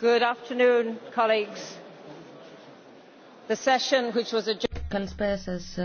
Good afternoon, colleagues. The session which was... Καλησπέρα σας